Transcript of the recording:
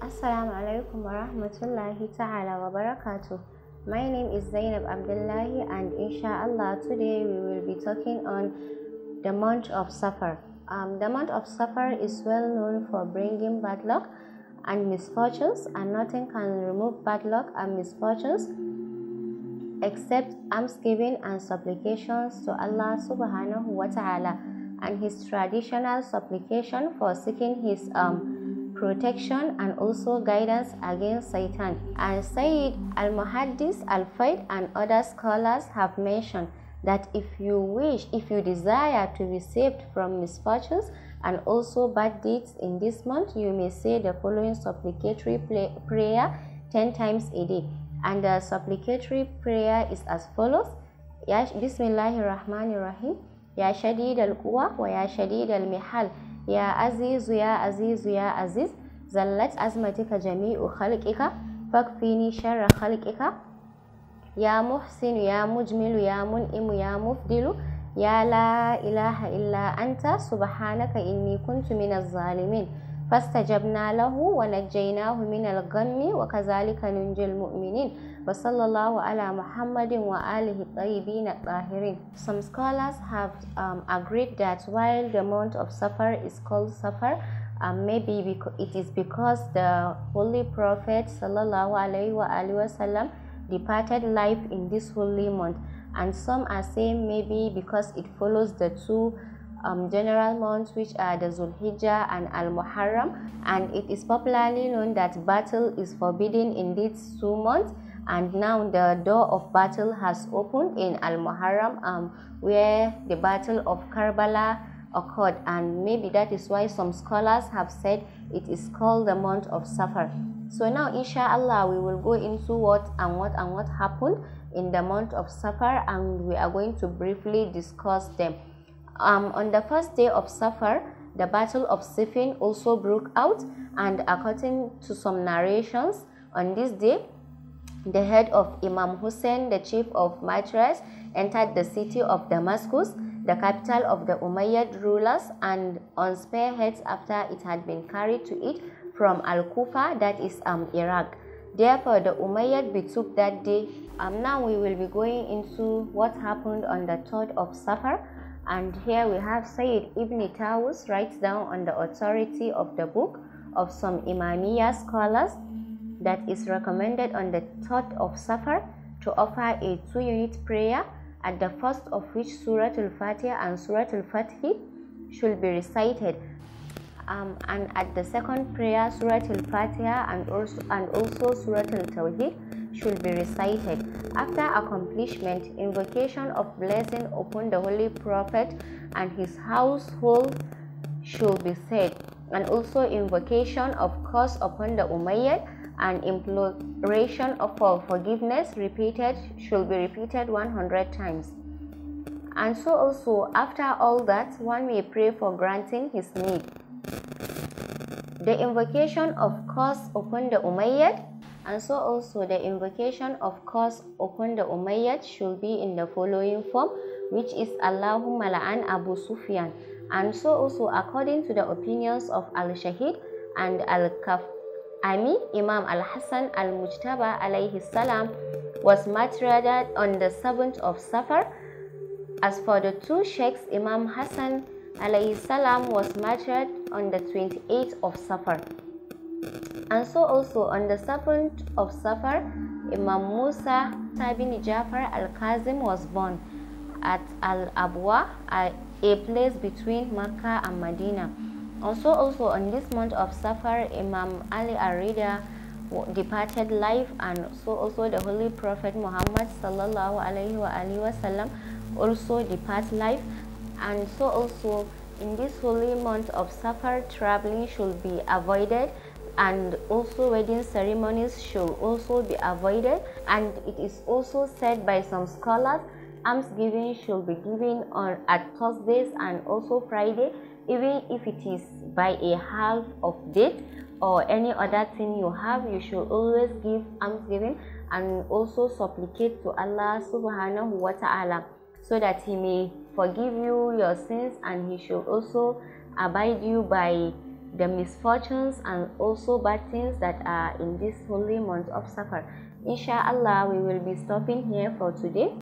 Assalamu alaikum wa rahmatullahi ta'ala wa barakatuh. My name is Zainab Abdullahi and inshallah today we will be talking on the month of Safar. Um, the month of Safar is well known for bringing bad luck and misfortunes and nothing can remove bad luck and misfortunes except almsgiving and supplications to Allah subhanahu wa ta'ala and his traditional supplication for seeking his um, protection and also guidance against Satan. And Said al Muhaddis al Faid and other scholars have mentioned that if you wish, if you desire to be saved from misfortunes and also bad deeds in this month, you may say the following supplicatory prayer 10 times a day. And the supplicatory prayer is as follows Bismillahirrahmanirrahim. Ya Shadid al Quwa wa Ya Shadid al Mihal. ya azizu ya azizu ya aziz zallat azmatika jami'u khalqika fakfini sharra khalqika ya muhsinu ya mujmilu ya mun'imu ya mufdilu ya la ilaha illa anta subhanaka inni kuntu minaz zalimin فاستجبنا له ونجيناه من الغم وكذلك ننجي المؤمنين وصلى الله على محمد وآله الطيبين الطاهرين Some scholars have um, agreed that while the month of Safar is called Safar, um, maybe it is because the Holy Prophet sallallahu alaihi wasallam departed life in this holy month and some are saying maybe because it follows the two um, general months which are the Zulhijjah and Al-Muharram and it is popularly known that battle is forbidden in these two months and now the door of battle has opened in Al-Muharram um, where the battle of Karbala occurred and maybe that is why some scholars have said it is called the month of Safar. So now inshallah we will go into what and what and what happened in the month of Safar and we are going to briefly discuss them. Um, on the first day of Safar, the Battle of Siffin also broke out, and according to some narrations, on this day, the head of Imam Hussein, the chief of Mithras, entered the city of Damascus, the capital of the Umayyad rulers, and on spearheads after it had been carried to it from Al Kufa, that is um, Iraq. Therefore, the Umayyad betook that day. Um, now we will be going into what happened on the 3rd of Safar and here we have Sayyid Ibn Tawus writes down on the authority of the book of some Imamiya scholars that is recommended on the 3rd of Safar to offer a two-unit prayer at the first of which Surah Al-Fatiha and Surah al fatihi should be recited um, and at the second prayer Surah Al-Fatiha and also, and also Surah Al-Tawheed should be recited. After accomplishment, invocation of blessing upon the Holy Prophet and his household should be said, and also invocation of curse upon the Umayyad and imploration of for forgiveness repeated should be repeated 100 times. And so also, after all that, one may pray for granting his need. The invocation of curse upon the Umayyad and so also the invocation of course upon the Umayyad should be in the following form which is Allahumma la'an Abu Sufyan and so also according to the opinions of Al-Shahid and Al-Kaf'ami Imam Al-Hassan Al-Mujtaba alayhi salam was martyred on the 7th of Safar as for the two sheikhs Imam Hassan alayhi salam was martyred on the 28th of Safar and so also on the 7th of Safar, Imam Musa bin Jafar al-Qazim was born at Al-Abwa, a place between Makkah and Medina. Also, also on this month of Safar, Imam Ali Arida departed life and so also the Holy Prophet Muhammad sallallahu alaihi wasallam also departed life and so also in this holy month of Safar, traveling should be avoided and also wedding ceremonies should also be avoided and it is also said by some scholars almsgiving should be given on at Thursdays and also Friday even if it is by a half of date or any other thing you have you should always give almsgiving and also supplicate to Allah subhanahu wa ta'ala so that he may forgive you your sins and he should also abide you by the misfortunes and also bad things that are in this holy month of Safar. Inshallah, we will be stopping here for today.